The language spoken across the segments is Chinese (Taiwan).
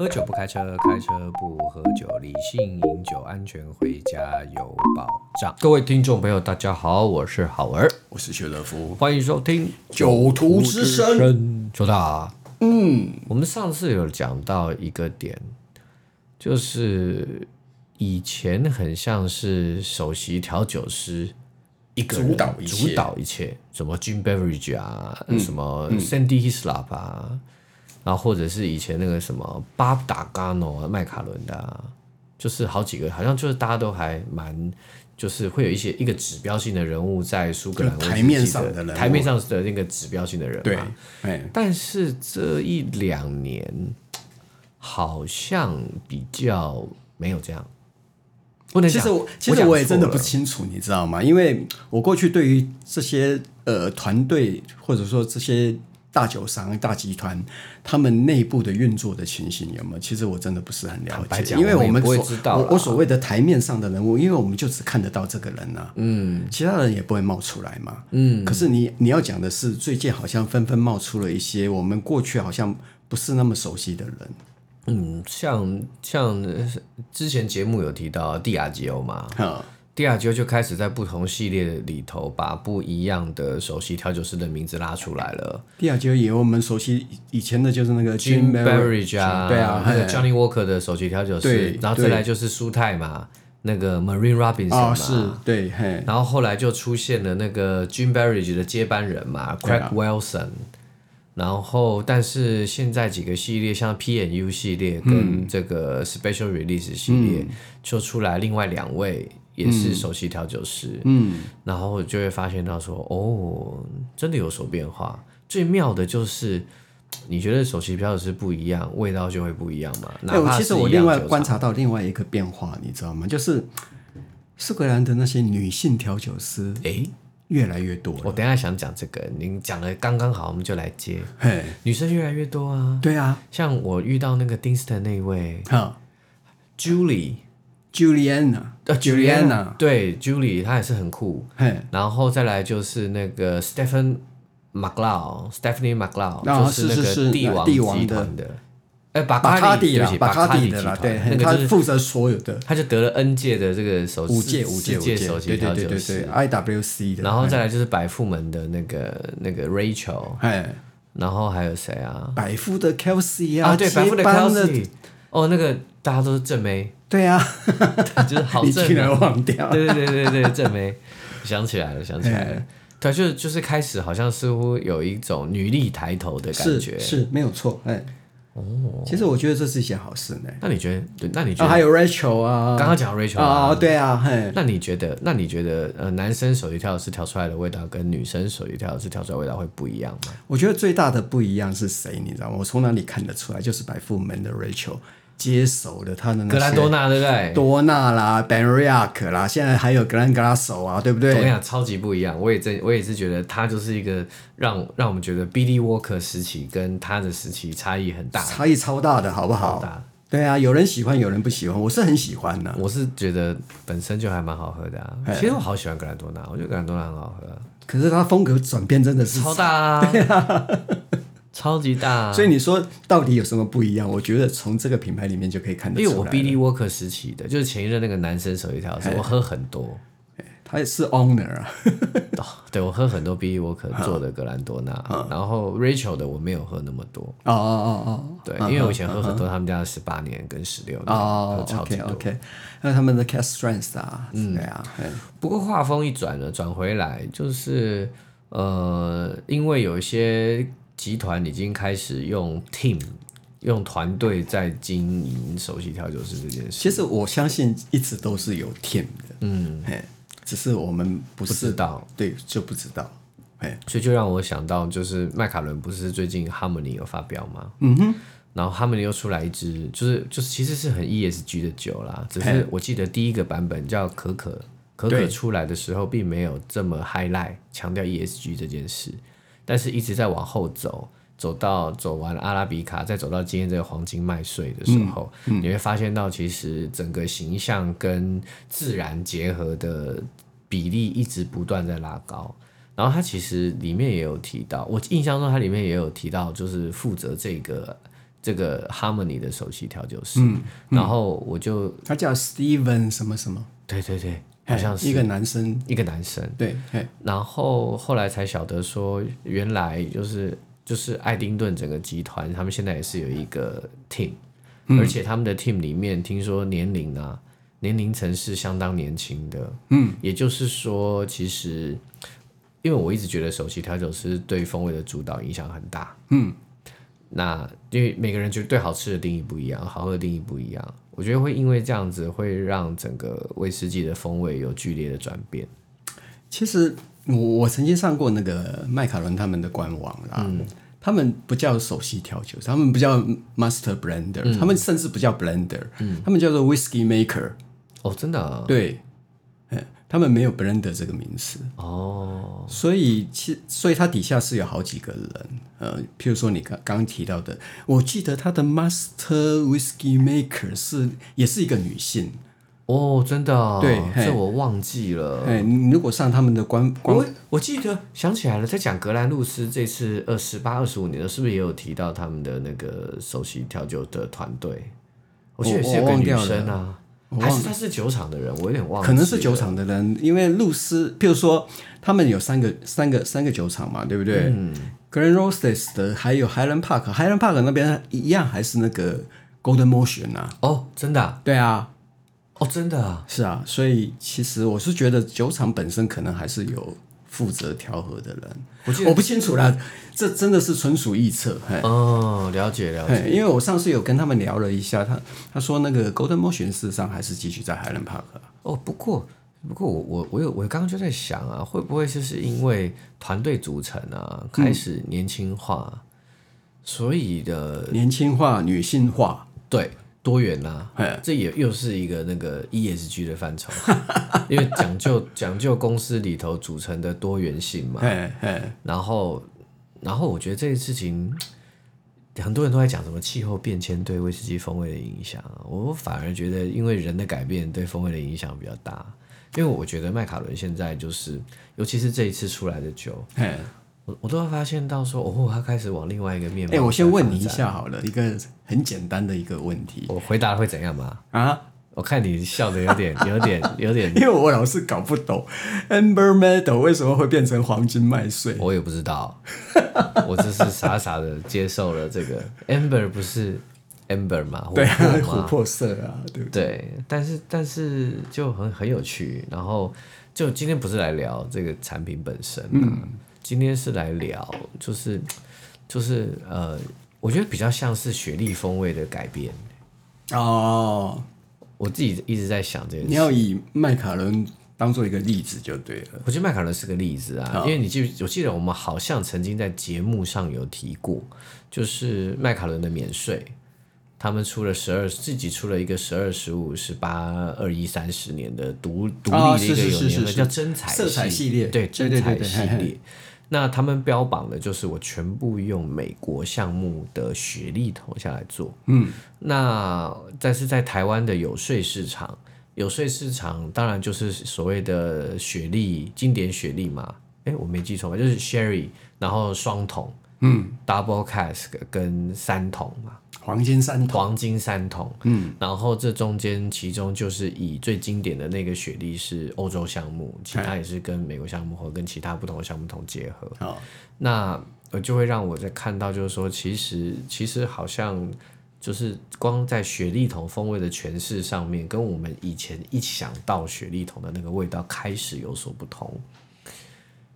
喝酒不開車，開車不喝酒，理性飲酒，安全回家有保障。各位聽眾朋友，大家好，我是好兒，我是薛樂福，歡迎收聽《酒徒之聲》。邱大，嗯，我們上次有講到一個點，就是以前很像是首席調酒師一個人主導，嗯，主導一切，什麼 Jim Beveridge 啊，什麼，嗯嗯、Sandy Hislop 啊。然、啊、後，或者是以前那個什麼巴布達加諾、麥卡倫的，就是好幾個，好像就是大家都還蠻，就是會有一些一個指標性的人物在蘇格蘭台面上的人，台面上的那個指標性的人嘛，對、欸，但是這一兩年好像比較沒有這樣。不能，其實我其實我也真的不清楚，你知道嗎？因為我過去對於這些呃團隊，或者說這些。大酒商、大集團，他們內部的運作的情形，有沒有？其實我真的不是很了解，因為我們，所我們也不會知道啦，我，我所謂的台面上的人物，因為我們就只看得到這個人吶，啊，嗯，其他人也不會冒出來嘛，嗯。可是你你要講的是，最近好像紛紛冒出了一些我們過去好像不是那麼熟悉的人，嗯，像像之前節目有提到蒂亞吉歐嘛，Diageo 就開始在不同系列裡頭把不一樣的首席調酒師的名字拉出來了。Diageo 也有我們熟悉以前的，就是那個、Gin、Jim Beveridge 啊，啊，啊，對啊，還有 Johnnie Walker 的首席調酒師對，然後再來就是蘇泰嘛，那個 Maureen Robinson 啊，是對，嘿，然後後來就出現了那個 Jim Beveridge 的接班人嘛，Craig Wilson，然後但是現在幾個系列像 P&U 系列跟這個 Special Release 系列、嗯、就出來另外兩位。也是首席調酒師，嗯，嗯，然後就會發現到說，哦，真的有所變化。最妙的就是，你覺得首席調酒師不一樣，味道就會不一樣嘛。那、欸、我其實我另外觀察到另外一個變化，嗯、你知道嗎？就是蘇格蘭的那些女性調酒師，哎、欸，越來越多了。我等下想講這個，您講了剛剛好，我們就來接。嘿，女生越來越多啊。對啊，像我遇到那個丁斯特那位，哈，Julie。呃 Juliana，呃，Juliana，對, Juliana 對，Julie，她也是很酷。嘿、hey,，然後再來就是那個 Stephen McLeod，Stephanie McLeod， 就是那個帝王帝王的，哎，百加得對，百加得的了，對，那個、就是那個就是、他負責所有的，他就得了 N 屆的這個首席，五屆五屆首席調酒師對,對,對,對,對,對。IWC 的。然後再來就是百富門的、那個、 那個那個 Rachel，hey, 然後還有誰啊？百富的 Kelsey 啊，啊啊對，百富的 Kelsey，哦，那個大家都是正妹。對啊， 就是好正，啊，你居然忘掉對對對對對，正沒 想起來了，想起來了。對，就就是開始好像似乎有一種女力抬頭的感覺，是，是沒有錯，哦，其實我覺得這是一件好事呢。那你覺得？那你覺得？啊，還有 Rachel 啊，剛剛講 Rachel 啊，啊，對啊，嘿。那你覺得？那你覺得？呃，男生手一調是調出來的味道，跟女生手一調是調出來的味道會不一樣嗎？我覺得最大的不一樣是誰，你知道嗎？我從哪裡看得出來？就是百富門的 Rachel。接手的他的那些，格蘭多納對不對？多納啦 BenRiach 啦，現在還有格蘭格拉手啊，對不對？我跟你講，超級不一樣。我也在我也是覺得他就是一個讓我讓我們覺得 Billy Walker 時期跟他的時期差異很大，差異超大的，好不好？對啊，有人喜歡，有人不喜歡，我是很喜歡的。 我是覺得本身就還蠻好喝的啊。 其實我好喜歡格蘭多納，我覺得格蘭多納很好喝。可是他風格轉變真的是超大，啊。對啊。 超級大、啊，所以你說到底有什麼不一樣？我覺得從這個品牌裡面就可以看得出來。因為我 Billy Walker 時期的，就是前一任那個男生首席調酒、哎，我喝很多，他也是 Owner 啊， 哦、對我喝很多 Billy Walker 做的格蘭多娜、嗯。然後 Rachel 的我沒有喝那麼多。哦哦哦哦，對，嗯、因為我以前喝很多他們家的十八年跟十六年，哦哦哦超級哦哦 OK，, okay 那他們的 Cask Strength 啊、嗯，對啊。Okay. 不過話鋒一轉了，轉回來就是呃，因為有一些。集團已經開始用 team，用團隊在經營首席調酒師這件事。其實我相信一直都是有 team 的，嗯，嘿，只是我們不，是不知道，對，就不知道，嘿，所以就讓我想到，就是麥卡倫不是最近 Harmony 有發表嗎？嗯哼，然後 Harmony 又出來一支，就是就是其實是很 ESG 的酒啦，只是我記得第一個版本叫可可，可可出來的時候並沒有這麼 highlight 強調 ESG 這件事。但是一直在往後走，走到走完阿拉比卡，再走到今天這個黃金麥穗的時候，嗯嗯，你會發現到其實整個形象跟自然結合的比例一直不斷在拉高。然後它其實裡面也有提到，我印象中它裡面也有提到，就是負責這個這個 Harmony 的首席調酒師。然後我就他叫 Steven 什麼什麼？對對對。好像是一個,一個男生，一個男生。對，然後後來才曉得說，原來就是就是愛丁頓整個集團，他們現在也是有一個 team，嗯，而且他們的 team 裡面，聽說年齡啊，年齡層是相當年輕的。嗯，也就是說，其實因為我一直覺得首席調酒師對風味的主導影響很大。嗯，那因為每個人就對好吃的定義不一樣，好喝的定義不一樣。我覺得會因為這樣子，會讓整個威士忌的風味有劇烈的轉變。其實，我，我曾經上過那個麥卡倫他們的官網啊、嗯，他們不叫首席調酒，他們不叫 master blender、嗯，他們甚至不叫 blender、嗯，他們叫做 whisky maker。哦，真的、啊？對。他們沒有不認得這個名詞哦，所以其所以它底下是有好幾個人，呃，譬如說你剛剛提到的，我記得他的 master whiskey maker 是也是一個女性哦，真的、哦、對，這我忘記了。如果上他們的官官，我我記得想起來了，在講格蘭路斯這次二十八二十五年了，是不是也有提到他們的那個首席調酒的團隊？我覺得也是個女生啊。還是他是酒廠的人，我有點忘了。可能是酒廠的人，因為露思，譬如說，他們有三個三個三個酒廠嘛，對不對？嗯，Glenrothes 的，還有 Highland Park Highland Park 那邊一樣，還是那個 Golden Motion 吶、啊。哦，真的啊。對啊。哦，真的啊。是啊，所以其實我是覺得酒廠本身可能還是有。負責調和的人，我不我不清楚啦、嗯，這真的是純屬臆測嘿。哦，了解了解，因為我上次有跟他們聊了一下，他他說那個 Golden Motion 事實上還是繼續在 Highland Park 哦，不過不過我我我有我剛剛就在想啊，會不會就是因為團隊組成啊、嗯、開始年輕化、嗯，所以的年輕化女性化對。多元吶、啊，hey. 這也又是一個那個 E S G 的範疇， 因為講究講究公司裡頭組成的多元性嘛。Hey. Hey. 然後然後我覺得這個事情，很多人都在講什麼氣候變遷對威士忌風味的影響，我反而覺得因為人的改變對風味的影響比較大，因為我覺得麥卡倫現在就是，尤其是這一次出來的酒。Hey. 我都會發現到說，哦，他、哦、開始往另外一個面。哎、欸，我先問你一下好了，一個很簡單的一個問題，我回答會怎樣嗎？啊，我看你笑得有點、 有點、有點，因為我老是搞不懂，amber medal 為什麼會變成黃金麥穗？我也不知道， 我只是傻傻的接受了這個 amber 不是 amber 嘛？對、啊，琥珀色啊，對不對？但是但是就很很有趣。然後就今天不是來聊這個產品本身、啊嗯今天是來聊，就是，就是，呃，我覺得比較像是雪莉風味的改變哦。Oh, 我自己一直在想這個，你要以麥卡倫當做一個例子就對了。我覺得麥卡倫是個例子啊，oh. 因為你記，我記得我們好像曾經在節目上有提過，就是麥卡倫的免稅，他們出了十二，自己出了一個十二、十五、十八、二一、三十年的獨獨、oh, 立的一個有年份叫真彩色彩系列，對真彩系列。對對對對，嘿嘿。那他們標榜的就是我全部用美國項目的雪莉投下來做，嗯，那但是在台灣的有稅市場，有稅市場當然就是所謂的雪莉，經典雪莉嘛，誒、欸、我沒記錯吧？就是 Sherry，然後雙桶，嗯，Double cask 跟三桶嘛。黃金三桶，黃金三桶，嗯，然後這中間其中就是以最經典的那個雪莉是歐洲橡木，其他也是跟美國橡木和跟其他不同的橡木桶結合，那就會讓我在看到就是說，其實其實好像就是光在雪莉桶風味的詮釋上面，跟我們以前一想到雪莉桶的那個味道開始有所不同，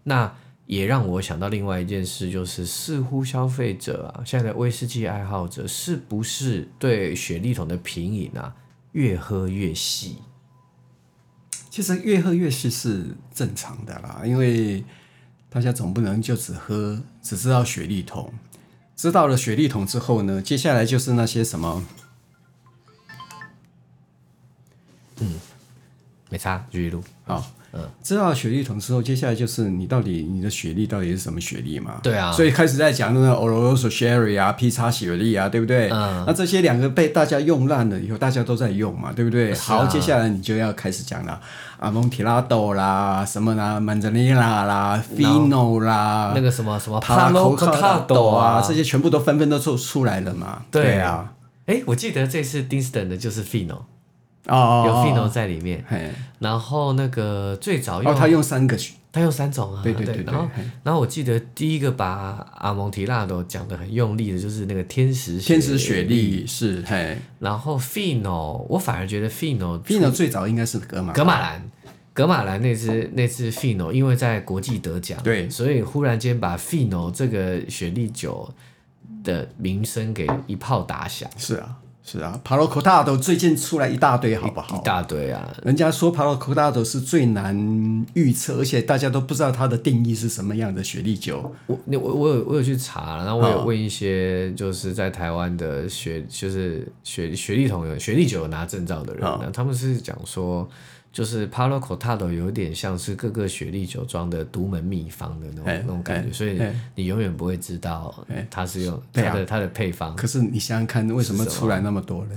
那。也讓我想到另外一件事，就是似乎消費者啊，現在的威士忌愛好者是不是對雪莉桶的品飲啊，越喝越細？其實越喝越細是正常的啦，因為大家總不能就只喝，只知道雪莉桶。知道了雪莉桶之後呢，接下來就是那些什麼……嗯，沒差，繼續錄啊。哦知道雪莉桶之後，接下來就是你到底你的雪莉到底是什麼雪莉嘛？對啊，所以開始在講那個 Oloroso Sherry 啊，PX 雪莉啊，對不對？嗯、那這些兩個被大家用爛了以後，大家都在用嘛，對不對？啊、好，接下來你就要開始講了，啊，Amontillado 啦，什麼啦，Manzanilla 啦，Fino 啦，那個什麼什麼 Palo Cortado 啊，這些全部都紛紛都出出來了嘛？對，對啊。哎、欸，我記得這次 Deanston 的就是 Fino。哦、oh,，有 fino 在裡面，oh, 然後那個最早用，哦、oh,，他用三個，他用三種啊，對對對,對。然後，hey. 然後我記得第一個把阿蒙提拉多講得很用力的，就是那個天使天使雪莉是，嘿、hey.。然後 fino，我反而覺得 fino fino 最早應該是噶瑪噶瑪蘭噶瑪蘭那只那只 fino，因為在國際得獎，對，所以忽然間把 fino 這個雪莉酒的名聲給一炮打響，是啊。是啊 Palo Cortado，最近出來一大堆，好不好？一大堆啊！人家說 Palo Cortado 是最難預測，而且大家都不知道它的定義是什麼樣的雪莉酒。我、我、我有、我有去查，然後我有問一些就是在台灣的雪、就是雪、雪利桶有雪利酒拿證照的人，然後他們是講說。就是 Palo Cortado 有點像是各個雪莉酒莊的獨門秘方的那種、欸、那種感覺，所以你永遠不會知道它是用它、欸、的它、啊、的配方。可是你想想看，為什麼出來那麼多呢？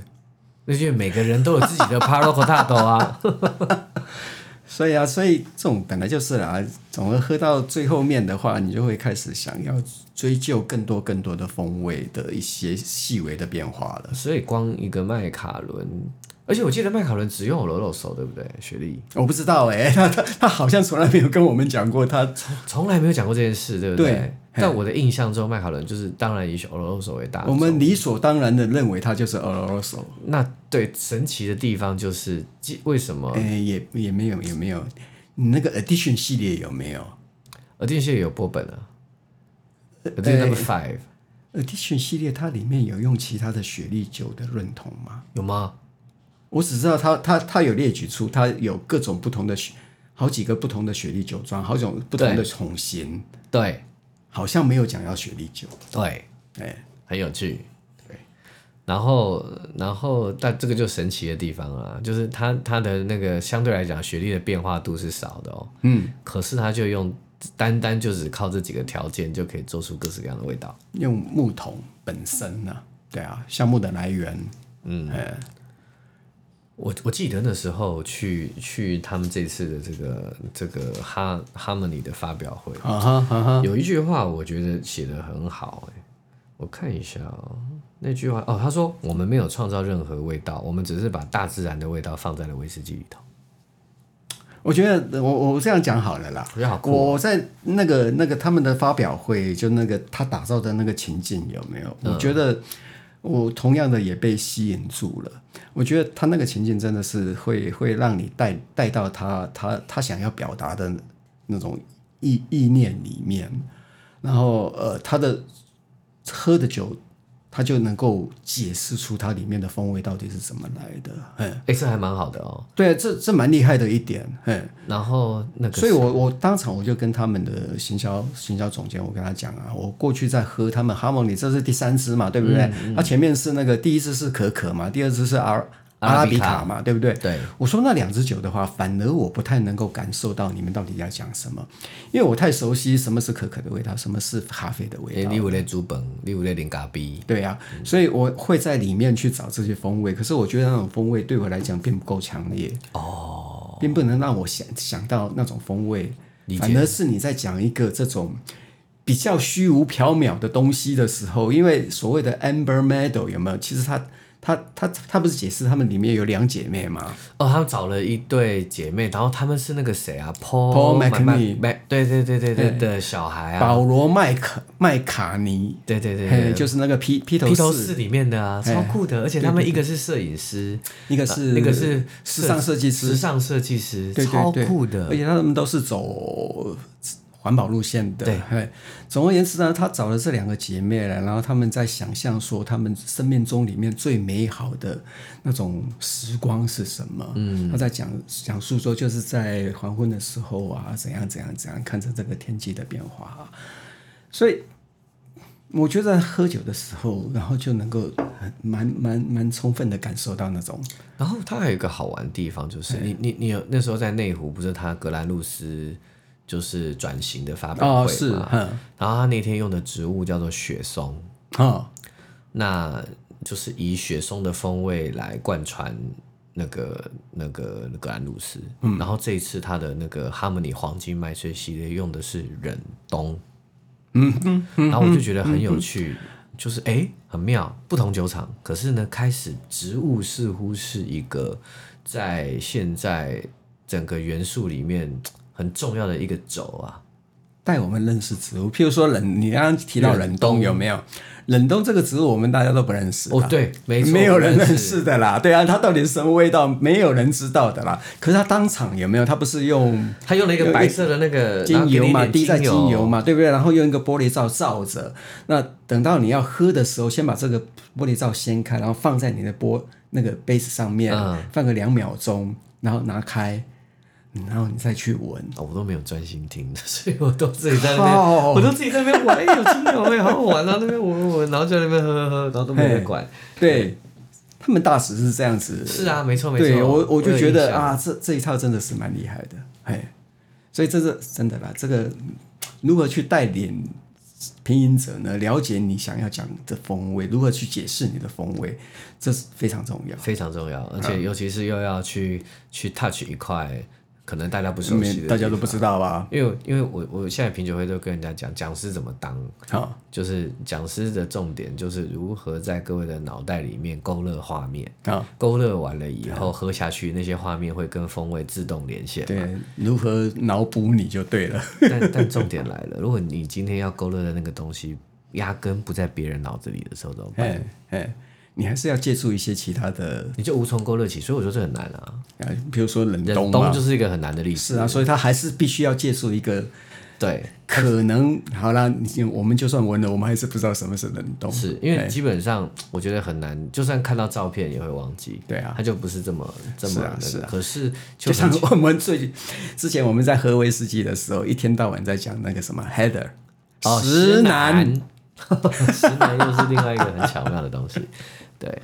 因為每個人都有自己的 Palo Cortado 啊。 所以啊，所以這種本來就是啦，總而喝到最後面的話，你就會開始想要追究更多更多的風味的一些細微的變化了。所以光一個麥卡倫。而且我記得麥考倫只用 Oloroso，對不對？雪莉，我不知道誒、欸、他他他好像從來沒有跟我們講過，他從從來沒有講過這件事，對不對？對。在我的印象中，麥考倫就是當然以 Oloroso 為大宗。我們理所當然的認為他就是 Oloroso。那對神奇的地方就是為什麼？哎、欸，也也沒有也沒有，你那個 Edition 系列有沒有 Edition 系列有波本啊，Edition Five。Edition 系列它裡面有用其他的雪莉酒的潤桶嗎？有嗎？我只知道他它它，它有列舉出，他有各種不同的雪，好幾個不同的雪莉酒莊，好幾種不同的桶型，對，對好像沒有講要雪莉酒，對，哎，很有趣，對，然後然後但這個就神奇的地方了、啊，就是他它，它的那個相對來講雪莉的變化度是少的哦，嗯，可是他就用單單就只靠這幾個條件就可以做出各式各樣的味道，用木桶本身呢、啊，對啊，橡木的來源，嗯。欸我我記得那時候去去他們這次的這個這個哈，Harmony 的發表會，uh -huh, uh -huh. 有一句話我覺得寫得很好、欸、我看一下哦、喔，那句話哦，他說我們沒有創造任何味道，我們只是把大自然的味道放在了威士忌裡頭。我覺得我我這樣講好了啦，我，覺得好酷。我在那個那個他們的發表會就那個他打造的那個情境有沒有？嗯、我覺得。我同樣的也被吸引住了，我覺得他那個情境真的是會會讓你帶帶到他他他想要表達的那種意意念裡面，然後呃他的喝的酒，他就能夠解釋出它裡面的風味到底是怎麼來的，哎、欸欸、這還蠻好的哦，對，這這蠻厲害的一點，哎、欸，然後那個，所以我我當場我就跟他們的行銷行銷總監，我跟他講啊，我過去在喝他們 Harmony，這是第三支嘛，對不對？他、嗯嗯啊、前面是那個第一支是可可嘛，第二支是 R。阿拉比卡嘛比卡，對不對？對，我說那兩支酒的話，反而我不太能夠感受到你們到底要講什麼，因為我太熟悉什麼是可可的味道，什麼是咖啡的味道的。你有咧煮飯，你有咧淋咖啡。對啊、嗯、所以我會在裡面去找這些風味，可是我覺得那種風味對我來講並不夠強烈哦，並不能讓我想想到那種風味，反而是你在講一個這種比較虛無縹緲的東西的時候，因為所謂的 Amber Meadow 有沒有？其實它。他他他不是解釋他們裡面有兩姐妹嗎？哦，他們找了一對姐妹，然後他們是那個誰啊？Paul, Paul McCartney，對對對對對的小孩啊，保羅麥克麥卡尼，對對對，對，對，對，對就是那個 P 披頭士裡面的啊，超酷的，對對對，而且他們一個是攝影師對對對、呃，一個是那個是時尚設計師，時尚設計師對對對，超酷的對對對，而且他們都是走。環保路線的對，對。總而言之呢，他找了這兩個姐妹來，然後他們在想象說他們生命中裡面最美好的那種時光是什麼？嗯，他在講講述說就是在黃昏的時候啊，怎樣怎樣怎樣看着這個天氣的變化。所以我覺得喝酒的時候，然後就能夠蠻蠻蠻充分的感受到那種。然後他還有一個好玩的地方就是，你你你有那時候在內湖，不是他格蘭路斯。就是轉型的發布會嘛，oh, 是，嗯，然後他那天用的植物叫做雪松，oh. 嗯，那就是以雪松的風味來貫穿那個那個格蘭、那個、魯斯，嗯，然後這一次他的那個哈姆尼黃金麥穗系列用的是忍冬，嗯嗯，然後我就覺得很有趣，嗯，就是哎，很妙，不同酒廠，可是呢，開始植物似乎是一個在現在整個元素裡面。很重要的一個軸啊，帶我們認識植物。譬如說冷，你剛剛提到冷凍有沒有？冷凍這個植物，我們大家都不認識。哦、oh，對，沒錯，沒有人認識的啦。對啊，它到底是什麼味道？沒有人知道的啦。可是它當場有沒有？它不是用它用了一個白色的那個精油嘛，精油滴在精油嘛，對不對？然後用一個玻璃罩罩着。那等到你要喝的時候，先把這個玻璃罩掀開，然後放在你的玻那個杯子上面，嗯、放個兩秒鐘，然後拿開。然後你再去聞哦，我都沒有專心聽 所以我都自己在那邊，oh, 我都自己在那邊玩，哎、 欸，有青草味， 好好玩啊！那邊聞聞聞，然後在那邊喝喝喝，然後都沒人管。對、hey, hey，他們大使是這樣子，是啊，沒錯沒錯。對，我我，我就覺得啊，這這一套真的是蠻厲害的，哎、hey，所以這是真的啦。這個如何去帶領品飲者呢？了解你想要講的風味，如何去解釋你的風味，這是非常重要，非常重要。而且尤其是又要去去 touch 一塊。可能大家不熟悉的，大家都不知道吧？因為因為我我現在品酒會都跟人家講，講師怎麼當。哦，就是講師的重點就是如何在各位的腦袋裡面勾勒畫面。哦，勾勒完了以後喝下去，那些畫面會跟風味自動連線。對，如何腦補你就對了。 但但重點來了，如果你今天要勾勒的那個東西壓根不在別人腦子裡的時候怎麼辦？你還是要借助一些其他的，你就無從勾勒起，所以我說這很難啊。譬、啊、比如說冷冬、啊、冷凍就是一個很難的例子。是啊，所以他還是必須要借助一個，對，可能好啦，我們就算聞了，我們還是不知道什麼是冷冬。是，因為基本上我覺得很難，就算看到照片也會忘記。對啊，他就不是這麼這麼的、那個啊，是啊。可是就，就像我們最之前我們在喝威士忌的時候，一天到晚在講那個什麼 Heather，哦，石哈，石楠又是另外一個很巧妙的東西，對。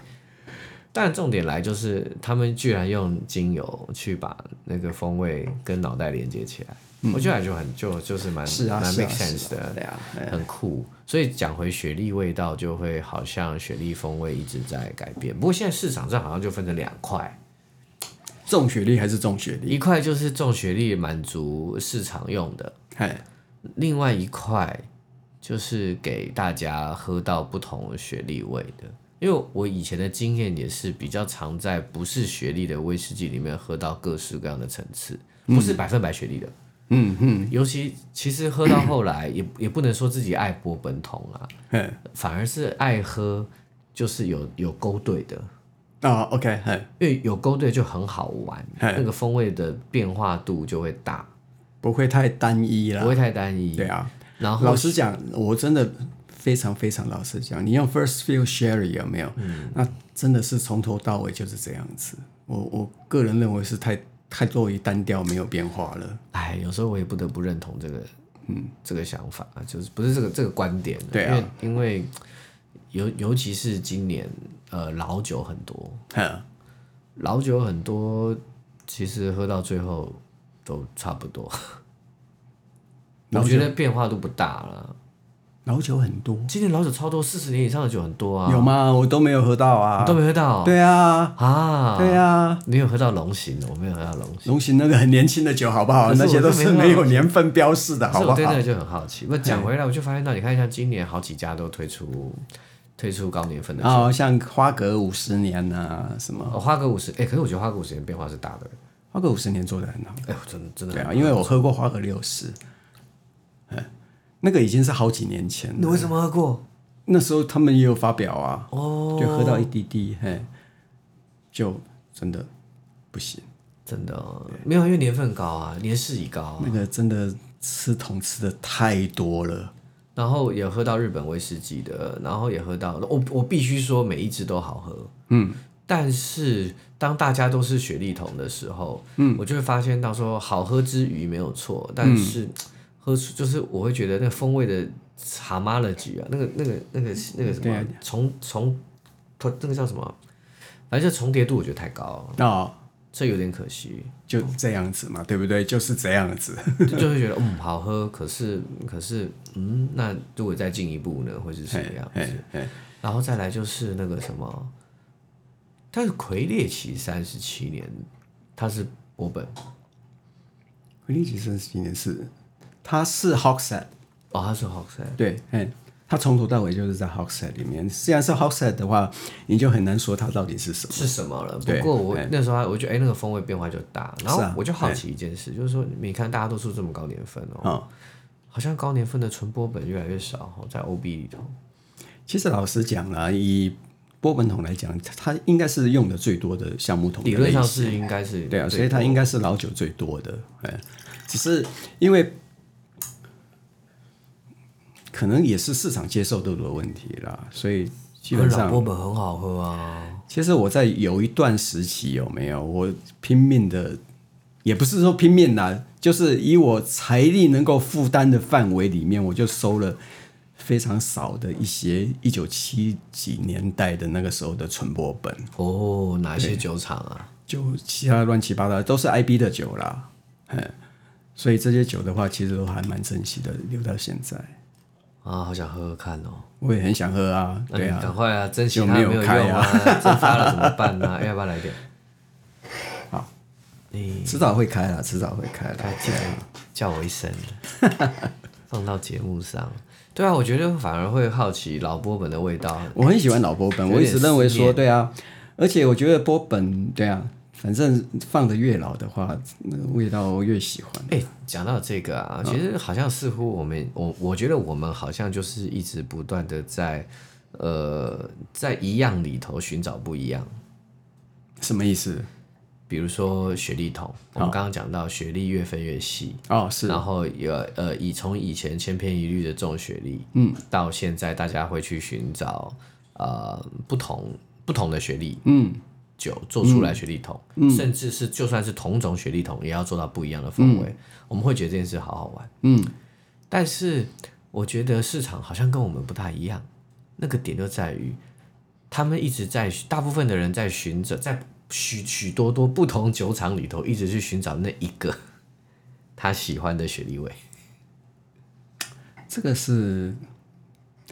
但重點來就是，他們居然用精油去把那個風味跟腦袋連接起來，我覺得就很就就是蠻是啊蠻 make sense，啊、的是啊是啊很酷。所以講回雪莉味道，就會好像雪莉風味一直在改變。不過現在市場上好像就分成兩塊，重雪莉還是重雪莉一塊，就是重雪莉滿足市場用的，另外一塊。就是給大家喝到不同的雪莉味的。因為我以前的經驗也是比較常在不是雪莉的威士忌裡面喝到各式各樣的層次，不是百分百雪莉的。嗯嗯，尤其其實喝到後來也 也不能說自己愛波本桶了，反而是愛喝就是有有勾兌的啊、哦。OK，因為有勾兌就很好玩，那個風味的變化度就會大，不會太單一了，不會太單一。對啊。然後老實講，我真的非常非常老實講，你用 first fill sherry 有沒有？嗯、那真的是從頭到尾就是這樣子。我我個人認為是太太過於單調，沒有變化了。哎，有時候我也不得不認同這個，嗯，這個想法、啊、就是不是這個這個觀點、啊。對啊，因為，因為尤尤其是今年，呃，老酒很多，老酒很多，其實喝到最後都差不多。我覺得變化都不大了，老酒很多。今年老酒超多，四十年以上的酒很多啊。有嗎？我都沒有喝到啊，都沒喝到。對啊，啊，對啊，沒有喝到龍形的，我沒有喝到龍形。龍形那個很年輕的酒，好不好？那些都是沒有年份標示的，好不好？對那，就很，對那，就，很對那就很好奇。不過講回來，我就發現到你看，像今年好幾家都推出推出高年份的酒，哦，像花格五十年吶、啊，什麼？哦、花格五十，哎，可是我覺得花格五十年變化是大的，花格五十年做得很好。哎，真的真的，對啊，因為我喝過花格六十。那個已經是好幾年前了。你為什麼喝過？那時候他們也有發表啊，哦、就喝到一滴滴，嘿，就真的不行。真的、哦、沒有，因為年份高啊，年事已高、啊。那個真的吃桶吃得太多了，然後也喝到日本威士忌的，然後也喝到我我必須說每一支都好喝、嗯，但是當大家都是雪利桶的時候、嗯，我就會發現到說好喝之餘沒有錯、嗯，但是。喝出就是我會覺得那個風味的蛤蟆了雞啊，那個那個那個那個什麼重重，它、啊、那個叫什麼？反正就重疊度我覺得太高了、啊哦。這有點可惜，就這樣子嘛，哦、對不對？就是這樣子，就會覺得嗯好喝，可是可是嗯，那如果再進一步呢，會是什麼樣子？然後再來就是那個什麼，它是魁列奇三十七年，他是波本，魁列奇三十七年是。他是 hogshead 哦，他是 hogshead 對，哎、欸，他從頭到尾就是在 hogshead 裡面。既然是 hogshead 的話，你就很難說它到底是什麼是什麼了。不過我那時候，我覺得、欸欸、那個風味變化就大。然後我就好奇一件事，是啊欸、就是說，你看大家都出這麼高年份哦，哦，好像高年份的純波本越來越少、哦。在 OB 裡頭，其實老實講了，以波本桶來講，它應該是用的最多的橡木桶，理論上是應該是對啊，所以它應該是老酒最多的。哎、欸，只是因為。可能也是市場接受度的問題啦，所以基本上老波本很好喝啊。其實我在有一段時期有沒有我拼命的，也不是說拼命啦，就是以我財力能夠負擔的範圍裡面，我就收了非常少的一些一九七幾年代的那個時候的純波本哦。哪些酒廠啊？就其他亂七八糟都是 IB 的酒啦。嗯，所以這些酒的話，其實都還蠻珍惜的，留到現在。啊，好想喝喝看哦！我也很想喝啊。對啊，趕、嗯、快啊，珍惜它沒有用啊，啊蒸發了怎麼辦呢、啊？ 要不要來點？好，你遲早會開啦，遲早會開啦。叫我一聲， 放到節目上。對啊，我覺得反而會好奇老波本的味道。欸、我很喜歡老波本，欸、我，我一直認為說，對啊，而且我覺得波本對啊。反正放的越老的話，味道越喜歡。哎，講到這個啊，其實好像似乎我們，哦、我我覺得我們好像就是一直不斷的在，呃，在一樣裡頭尋找不一樣。什麼意思？比如說雪莉桶、哦，我們剛剛講到雪莉越分越細哦，是。然後有呃，以從以前千篇一律的這種雪莉，嗯，到現在大家會去尋找呃不同不同的雪莉，嗯。酒做出來雪利桶，嗯嗯，甚至是就算是同種雪利桶，也要做到不一樣的風味，嗯。我們會覺得這件事好好玩，嗯。但是我覺得市場好像跟我們不太一樣。那個點就在於，他們一直在，大部分的人在尋找，在許許多多不同酒廠裡頭，一直去尋找那一個他喜歡的雪利味。這個是。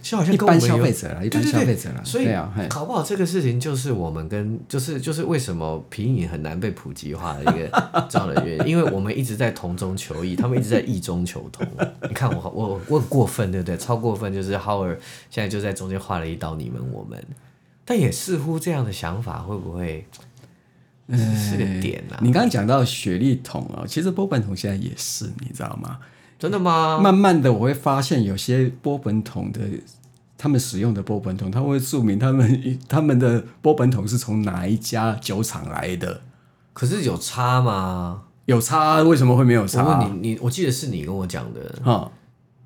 是好像跟我們一般消費者啦，一般消費者啦對對對所以搞不好？這個事情就是我們跟就是就是為什麼皮影很難被普及化的一個這樣的原因， 因為我們一直在同中求異，他們一直在異中求同。 你看我我很過分對不對？超過分就是 Howard 現在就在中間畫了一道你們我們，但也似乎這樣的想法會不會是個點呢、啊欸？你剛剛講到雪莉桶啊，其實波本桶現在也是，你知道嗎？真的嗎？慢慢的，我會發現有些波本桶的，他們使用的波本桶，他會注明他們他們的波本桶是從哪一家酒廠來的。可是有差嗎？有差，為什麼會沒有差？你你，我記得是你跟我講的哈、嗯，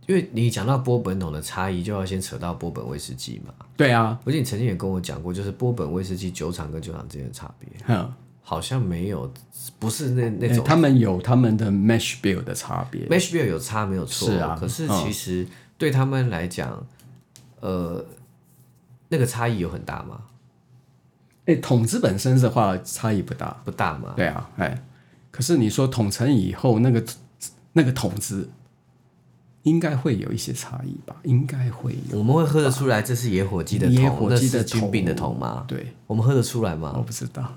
因為你講到波本桶的差異，就要先扯到波本威士忌嘛。對啊，而且你曾經也跟我講過，就是波本威士忌酒廠跟酒廠之間的差別。哈、嗯。好像沒有，不是那、欸、那種。他們有他們的 mash bill 的差別。mash bill 有差沒有錯？是啊，可是其實對他們來講、嗯，呃，那個差異有很大嗎？哎、欸，桶子本身的話，差異不大，不大嗎？對啊，哎、欸，可是你說桶成以後，那個那個桶子應該會有一些差異吧？應該會有。我們會喝得出來，這是野火雞的,的桶，那是金賓的桶嗎？對，我們喝得出來嗎？我不知道。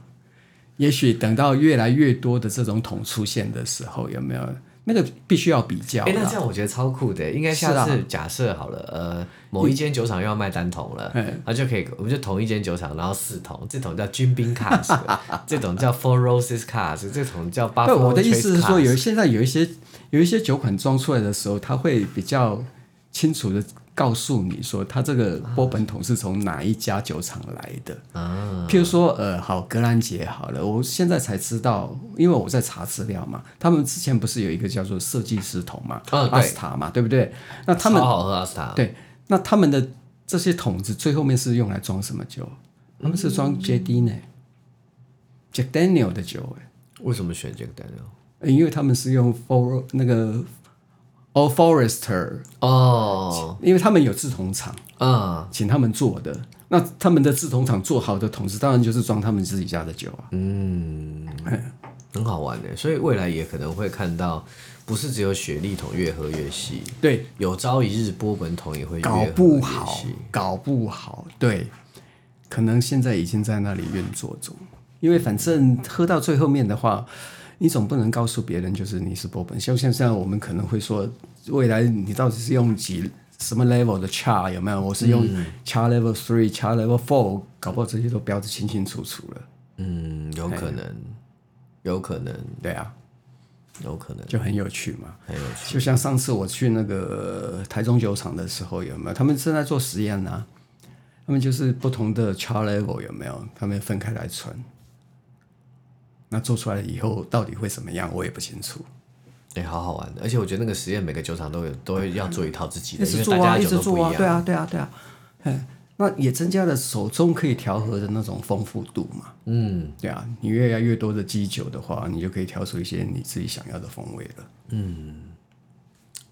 也許等到越來越多的這種桶出現的時候，有沒有那個必須要比較？哎、欸，那這樣我覺得超酷的，應該下次假設好了、啊，呃，某一間酒廠又要賣單桶了、嗯，它就可以，我們就同一間酒廠，然後四桶，這桶叫軍兵卡斯， 這種叫 Four Roses 卡斯，這種叫 Buffalo。不，我的意思是說，有現在有一些有一些酒款裝出來的時候，它會比較清楚的。告訴你說，他這個波本桶是從哪一家酒廠來的？啊，譬如說，呃，好格蘭傑好了，我現在才知道，因為我在查資料嘛。他們之前不是有一個叫做設計師桶嘛？啊，阿斯塔嘛，對不對？啊、那他們好喝阿斯塔。對、啊，那他們的這些桶子最後面是用來裝什麼酒？他們是裝 J.D. 呢？Jack Daniel 的酒哎、欸？為什麼選 Jack Daniel？因為他們是用 Four 那個。Old Forester 哦，因為他們有製桶廠，嗯，請他們做的。那他們的製桶廠做好的桶子，當然就是裝他們自己家的酒啊。嗯，很好玩的，欸，所以未來也可能會看到，不是只有雪利桶越喝越細，對，有朝一日波本桶也會越搞不好越，搞不好，對，可能現在已經在那裡運作中，因為反正喝到最後面的話。你總不能告訴別人就是你是波本，像現在我們可能會說未來你到底是用幾什麼 level 的 char 有沒有？我是用 char level three，char、嗯、level four，搞不好這些都標得清清楚楚了。嗯，有，有可能，有可能，對啊，有可能，就很有趣嘛，很有趣。就像上次我去那個台中酒廠的時候，有沒有？他們正在做實驗呢、啊，他們就是不同的 char level 有沒有？他們分開來存。那做出來以後到底會怎麼樣，我也不清楚。對、欸、好好玩的，而且我覺得那個實驗每個酒廠都有，都會要做一套自己的，嗯、因為大家酒都不一樣。對啊，對啊，對啊。哎，那也增加了手中可以調和的那種豐富度嘛。嗯，對啊，你越來越多的基酒的話，你就可以調出一些你自己想要的風味了。嗯，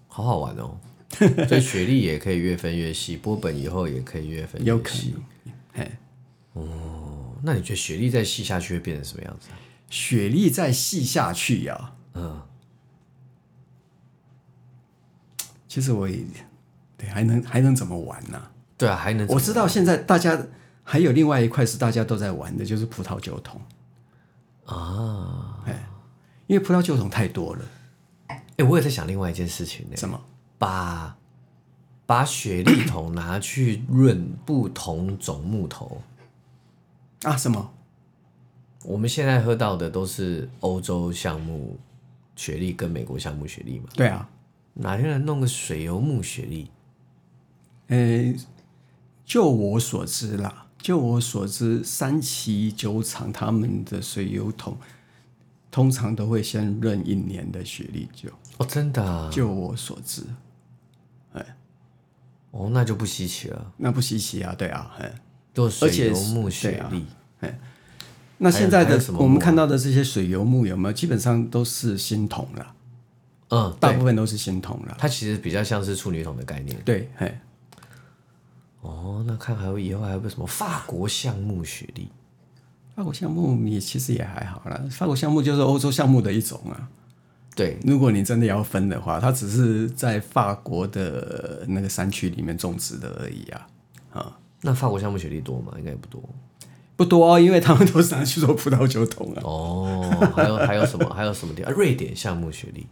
好好玩哦。所以雪莉也可以越分越細， 波本以後也可以越分越細。有可能嘿。哦，那你覺得雪莉再細下去會變成什麼樣子？雪莉再細下去呀、啊，嗯，其實我也，對，還能還能怎麼玩呢、啊？對啊，還能，我知道現在大家還有另外一塊是大家都在玩的，就是葡萄酒桶啊，哎，因為葡萄酒桶太多了。哎、欸，我也在想另外一件事情呢、欸，什麼？把把雪莉桶拿去潤不同種木頭啊？什麼？我們現在喝到的都是歐洲橡木雪莉跟美國橡木雪莉嘛？對啊，哪天人弄個水楢木雪莉？嗯、欸，就我所知啦，就我所知，三七酒廠他們的水楢桶通常都會先潤一年的雪莉酒哦，真的、啊？就我所知，哎、欸，哦，那就不稀奇了，那不稀奇啊，對啊，欸、做水楢木雪莉，而且那現在的我們看到的這些水油木有沒有？有啊，基本上都是新桶了，嗯，大部分都是新桶了。它其實比較像是處女桶的概念，對，嘿。哦，那看還有以後還有個什麼法國橡木雪莉？法國橡木你其實也還好啦，法國橡木就是歐洲橡木的一種啊。對，如果你真的要分的話，它只是在法國的那個山區裡面種植的而已啊。啊，嗯，那法國橡木雪莉多嗎？應該也不多。不多，因為他們都是拿去做葡萄酒桶的、啊。哦，還有還有什麼？ 還有什麼地、啊？瑞典橡木學歷？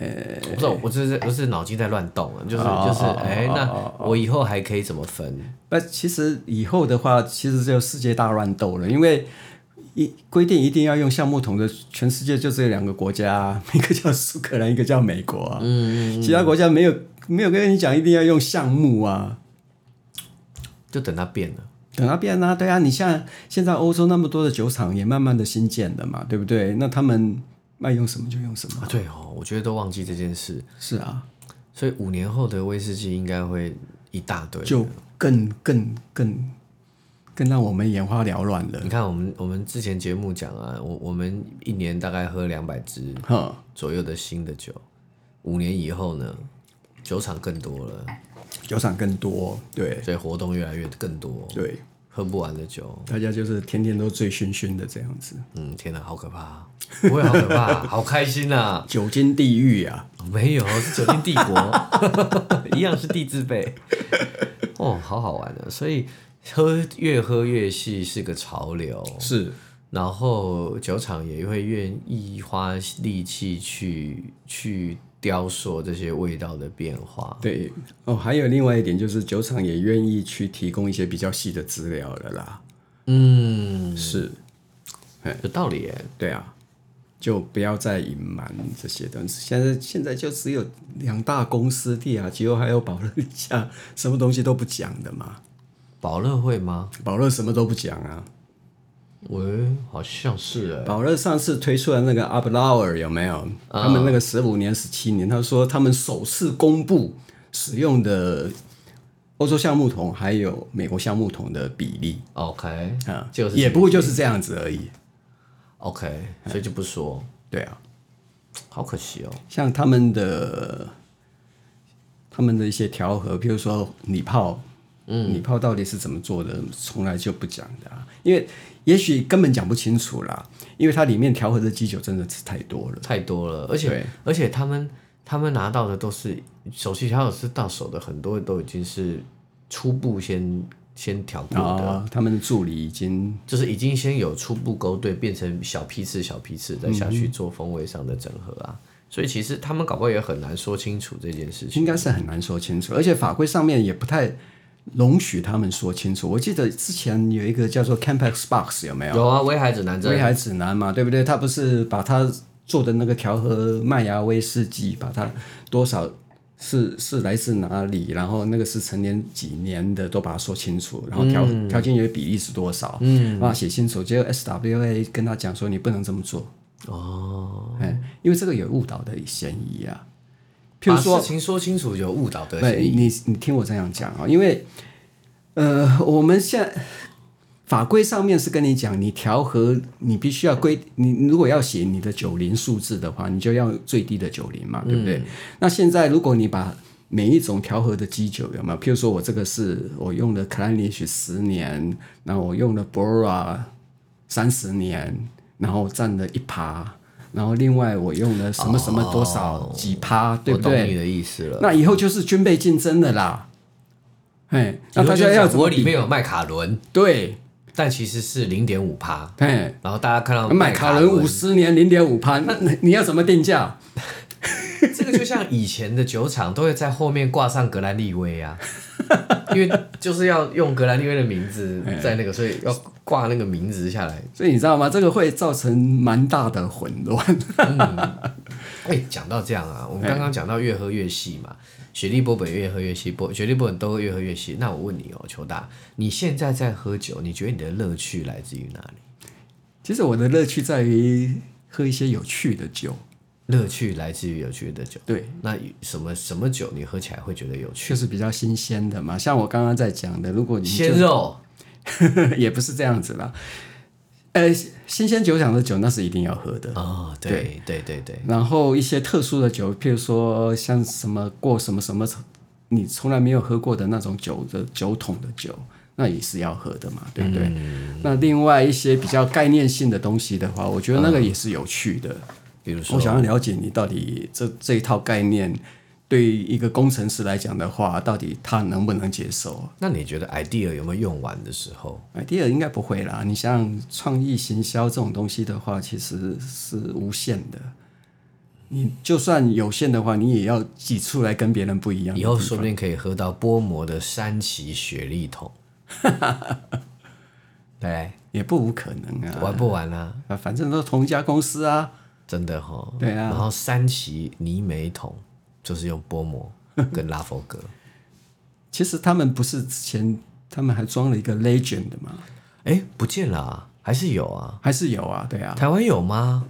哎、欸，我不是，我就是，我、欸就是腦筋在亂動，就是就是，哎、哦就是欸哦，那我以後還可以怎麼分？但其實以後的話，其實就世界大亂鬥了，因為一規定一定要用橡木桶的，全世界就這兩個國家、啊，一個叫蘇格蘭，一個叫美國、啊。嗯，嗯，嗯，其他國家沒有沒有跟你講一定要用橡木啊，就等它變了。等它變了、啊，對啊，你像現在歐洲那麼多的酒廠也慢慢的新建了嘛，對不對？那他們愛用什麼就用什麼、啊啊、對哦，我覺得都忘記這件事。是啊，所以五年後的威士忌應該會一大堆，就更更更更讓我們眼花繚亂了。你看，我們我們之前節目講啊，我我們一年大概喝兩百支左右的新的酒，五年以後呢，酒廠更多了，酒廠更多，對，所以活動越來越更多，對。喝不完的酒，大家就是天天都醉醺醺的這樣子。嗯，天哪、啊，好可怕！不會好可怕， 好開心吶、啊！酒精地獄呀、啊哦，沒有，是酒精帝國， 一樣是地字輩。哦，好好玩的、啊，所以喝越喝越細是個潮流，是。然後酒廠也會願意花力氣去去。去雕塑這些味道的變化，對哦，還有另外一點就是酒廠也願意去提供一些比較細的資料了啦。嗯，是有、嗯、道理、欸，對啊，就不要再隱瞞這些東西。現在現在就只有兩大公司帝亞吉歐還有保樂家，什麼東西都不講的嘛？保樂會嗎？保樂什麼都不講啊。喂、欸，好像是誒、欸，寶樂上次推出的那個 Uplower 有沒有？他們那個十五年、十七年，他說他們首次公布使用的歐洲橡木桶還有美國橡木桶的比例。OK，啊、嗯，就是也不過就是這樣子而已。OK，所以就不說、嗯。對啊，好可惜哦。像他們的，他們的一些調和，譬如說禮炮。嗯，禮炮到底是怎麼做的，從來就不講的、啊，因為也許根本講不清楚啦，因為它裡面調和的基酒真的是太多了，太多了，而且而且他們他們拿到的都是首席調酒師到手的，很多都已經是初步先先調過的，哦，他們的助理已經就是已經先有初步勾兌，變成小批次小批次再下去做風味上的整合啊、嗯，所以其實他們搞不好也很難說清楚這件事情，應該是很難說清楚，而且法規上面也不太。容許他們說清楚。我記得之前有一個叫做 Compass Box，有沒有？有啊，威海指南針。威海指南嘛，對不對？他不是把他做的那個調和麥芽威士忌，把它多少是是來自哪裡，然後那個是陳年幾年的，都把它說清楚，然後調，調件，有比例是多少，嗯，把、啊、它寫清楚。結果 SWA 跟他講說，你不能這麼做。哦，哎，因為這個有誤導的嫌疑啊。譬如說把事情說清楚有誤導的。對你，你聽我這樣講啊，因為，呃，我們現在法規上面是跟你講，你調和你必須要規，你如果要寫你的九零數字的話，你就要最低的九零嘛，對不對、嗯？那現在如果你把每一種調和的基酒有沒有？譬如說我這個是我用的 Clynelish 十年，然後我用的 Brora 三十年，然後佔了一趴。然後另外我用了什麼什麼多少幾趴、哦，對不對？懂你的意思了。那以後就是軍備競爭的啦。嘿，那大家要我裡面有麥卡倫，對，但其實是零點五趴。嘿，然後大家看到麥卡倫五十年零點五趴，那你要怎麼定價？ 這個就像以前的酒廠都會在後面掛上格蘭利威呀，啊， 因為就是要用格蘭利威的名字在那個，所以要掛那個名字下來。所以你知道嗎？這個會造成蠻大的混亂。哎、 嗯，講、欸、到這樣啊，我們剛剛講到越喝越細嘛，欸、雪莉波本越喝越細，波雪莉波本都越喝越細。那我問你哦，邱大，你現在在喝酒，你覺得你的樂趣來自於哪裡？其實我的樂趣在於喝一些有趣的酒。樂趣來自於有趣的酒。對，那什麼什麼酒你喝起來會覺得有趣？就是比較新鮮的嘛，像我剛剛在講的，如果你鮮、就是、肉， 也不是這樣子啦。呃、欸，新鮮酒廠的酒那是一定要喝的。哦對對，對對對對。然後一些特殊的酒，譬如說像什麼過什麼什麼，你從來沒有喝過的那種酒的酒桶的酒，那也是要喝的嘛，對不對，對、嗯？那另外一些比較概念性的東西的話，我覺得那個也是有趣的。嗯比如說我想要了解你到底這這一套概念，對一個工程師來講的話，到底他能不能接受啊？那你覺得 idea 有沒有用完的時候？idea 應該不會啦。你像創意行銷這種東西的話，其實是無限的。你就算有限的話，你也要擠出來跟別人不一樣。以後說不定可以喝到波摩的山崎雪莉桶， 對，也不無可能啊。玩不玩啊，反正都同一家公司啊。真的哈、哦，對啊。然後三喜泥煤桶就是用波摩跟拉佛格。 其實他們不是之前他們還裝了一個 Legend 的嗎？哎、欸，不見了、啊，還是有啊，還是有啊，對啊。台灣有嗎？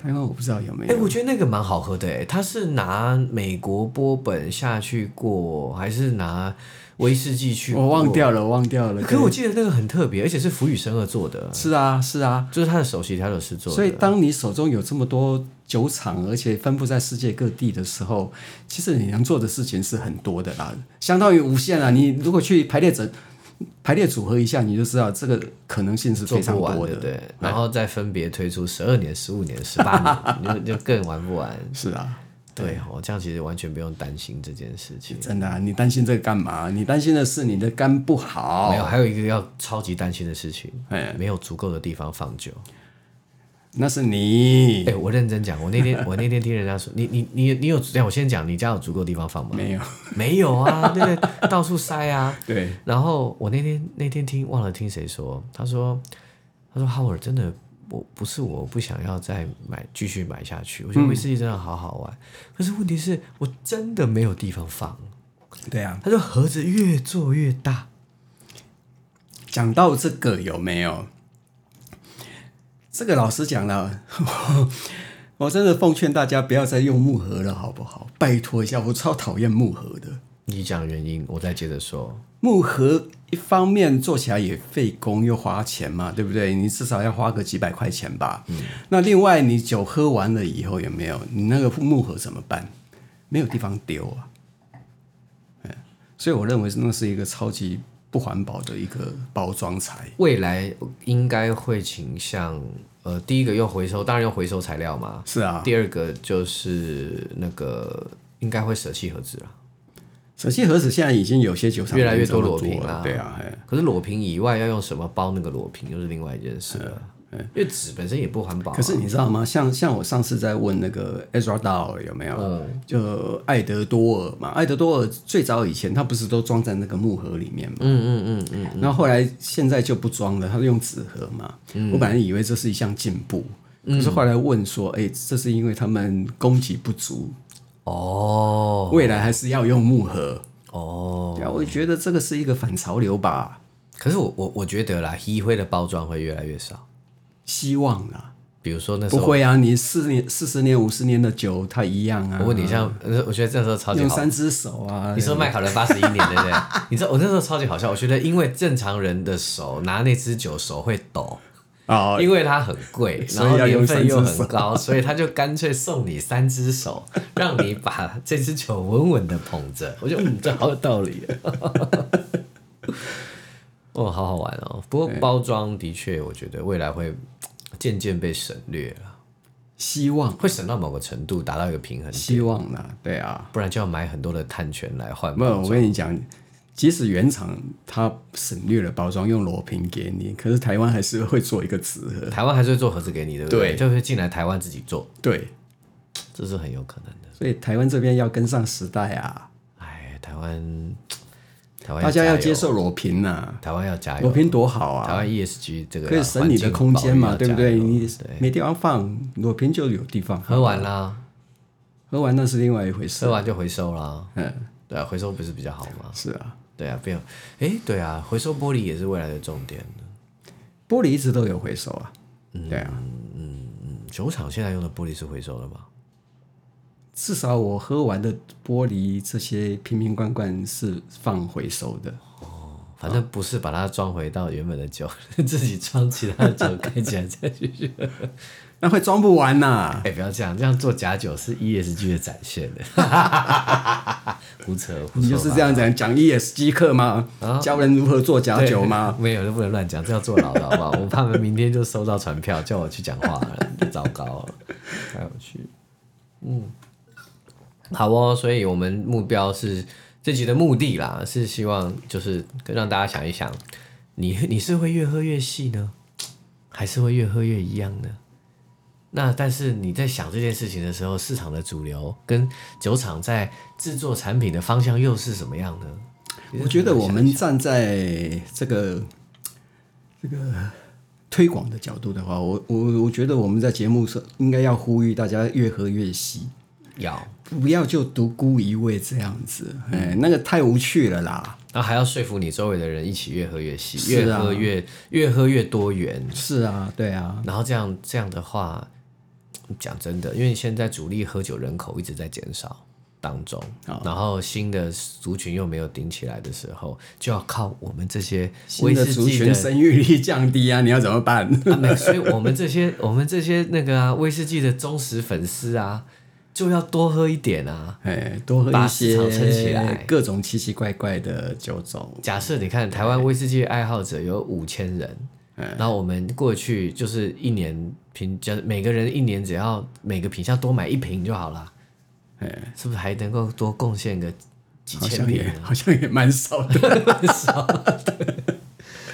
剛剛我不知道有沒有、欸。哎，我覺得那個蠻好喝的哎、欸，他是拿美國波本下去過，還是拿威士忌去？我忘掉了，我忘掉了。可我記得那個很特別，而且是福與伸二做的。是啊，是啊，就是他的首席調酒師做。所以，當你手中有這麼多酒廠，而且分布在世界各地的時候，其實你能做的事情是很多的啦，相當於無限啊，你如果去排列整。排列組合一下，你就知道這個可能性是做不完的，非常多的。對，然後再分別推出十二年、十五年、十八年， 就就更玩不完。 是啊對，對，我這樣其實完全不用擔心這件事情。真的，啊，你擔心這個幹嘛？你擔心的是你的肝不好。沒有，還有一個要超級擔心的事情， 沒有足夠的地方放酒。那是你，對、欸、我認真講，我那天我那天聽人家說，你你你你有這樣？我先講，你家有足夠地方放嗎？沒有，沒有啊，對不對？ 到處塞啊，對。然後我那天那天聽忘了聽誰說，他說他說好兒真的，我不是我不想要再買繼續買下去，我覺得威士忌真的好好玩。嗯、可是問題是我真的沒有地方放，對啊，他說盒子越做越大。講到這個有沒有？這個老實講，了我，我真的奉勸大家不要再用木盒了，好不好？拜托一下，我超討厭木盒的。你講的原因，我再接着說。木盒一方面做起來也費工又花錢嘛，對不對？你至少要花個幾百塊錢吧。嗯、那另外你酒喝完了以後有沒有？你那個木盒怎麼辦？沒有地方丟啊。所以我認為那是一個超級。不環保的一個包裝材，未來應該會傾向呃，第一個用回收，當然用回收材料嘛。是啊。第二個就是那個應該會捨棄盒子了。捨棄盒子現在已經有些酒廠越來越多裸瓶了、啊啊，對啊。可是裸瓶以外要用什麼包那個裸瓶，又、就是另外一件事了、啊。因為紙本身也不環保，啊。可是你知道嗎？像像我上次在問那個 Ezra Doll 有沒有，嗯、就艾德多爾嘛，艾德多爾最早以前他不是都裝在那個木盒裡面嘛？嗯嗯嗯嗯，嗯。那後，後來現在就不裝了，他用紙盒嘛。我本來以為這是一項進步，嗯嗯，可是後來問說，哎、欸，這是因為他們供給不足哦，未來還是要用木盒哦。對，我覺得這個是一個反潮流吧。可是我我我覺得啦，黑灰的包裝會越來越少。希望啊，比如說那時候不會啊，你四年、四十年、五十年的酒，它一樣啊。我問你一下，我覺得這時候超級好用三隻手啊。你說麥卡倫八十一年，對不對？ 你知道我那時候超級好笑。我覺得因為正常人的手拿那隻酒手會抖，哦、因為它很貴，然後年份又很高，所以他就乾脆送你三隻手， 讓你把這隻酒穩穩的捧着。我覺得嗯，這好有道理。哦，好好玩哦。不過包裝的確，我覺得未來會漸漸被省略了，希望會省到某個程度，達到一個平衡。希望呢、啊？對啊，不然就要買很多的碳權來換。沒有，我跟你講，即使原廠它省略了包裝，用裸屏給你，可是台灣還是會做一個紙盒，台灣還是會做盒子給你的，對，就會、是、進來台灣自己做。對，這是很有可能的。所以台灣這邊要跟上時代啊！哎，台灣。台大家要接受裸瓶呢、啊，台灣要加油，裸瓶多好啊！台灣 ESG 這個、啊、可以省你的空間嘛，對不對？你沒地方放裸瓶就有地方，喝完啦，喝完那是另外一回事，喝完就回收啦。嗯，對啊，回收不是比較好嗎？是啊，對啊，不要。誒，對啊，回收玻璃也是未來的重點。玻璃一直都有回收啊。對啊，嗯嗯，酒廠現在用的玻璃是回收的吧？至少我喝完的玻璃這些瓶瓶罐罐是放回收的。哦，反正不是把它裝回到原本的酒，自己裝其他的酒開起來再繼續。 那會裝不完吶、啊！哎、欸，不要這樣，這樣做假酒是 ESG 的展現的。 胡扯胡！你就是這樣講講 ESG 課嗎、哦？教人如何做假酒嗎？沒有，就不能亂講，這要坐牢的，好不好？ 我怕他們明天就收到傳票，叫我去講話了，糟糕了， 太有趣。嗯。好哦，所以我們目標是這集的目的啦，是希望就是讓大家想一想，你你是會越喝越細呢？還是會越喝越一樣呢？那但是你在想這件事情的時候，市場的主流跟酒廠在制作產品的方向又是什麼樣的？我覺得我們站在這個這個推廣的角度的話，我我我覺得我們在節目上應該要呼籲大家越喝越細。要不要就獨孤一味這樣子？哎、欸，那個太無趣了啦！然後還要說服你周圍的人一起越喝越細，啊，越喝越越喝越多元。是啊，對啊。然後這樣這樣的話，講真的，因為現在主力喝酒人口一直在減少當中，然後新的族群又沒有頂起來的時候，就要靠我們這些威士忌的，新的族群生育率降低啊！你要怎麼辦？ 啊、沒所以，我們這些我們這些那個啊威士忌的忠實粉絲啊。就要多喝一點啊！Hey, 多喝一些，把市場撐起來。各種奇奇怪怪的酒種。假設你看、hey. 台灣威士忌愛好者有五千人，hey. 然後我們過去就是一年平，就是每個人一年只要每個品項多買一瓶就好了。Hey. 是不是還能夠多貢獻個幾千瓶，啊？好像也蠻少的，蠻 少的。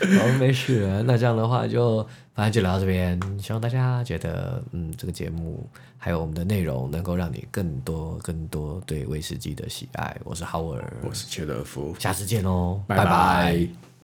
我 們沒事，啊，那這樣的話就。反正就聊到這邊，希望大家覺得，嗯，這個節目還有我們的內容，能夠讓你更多、更多對威士忌的喜愛。我是 Howard，我是邱德夫，下次見哦，拜拜。Bye bye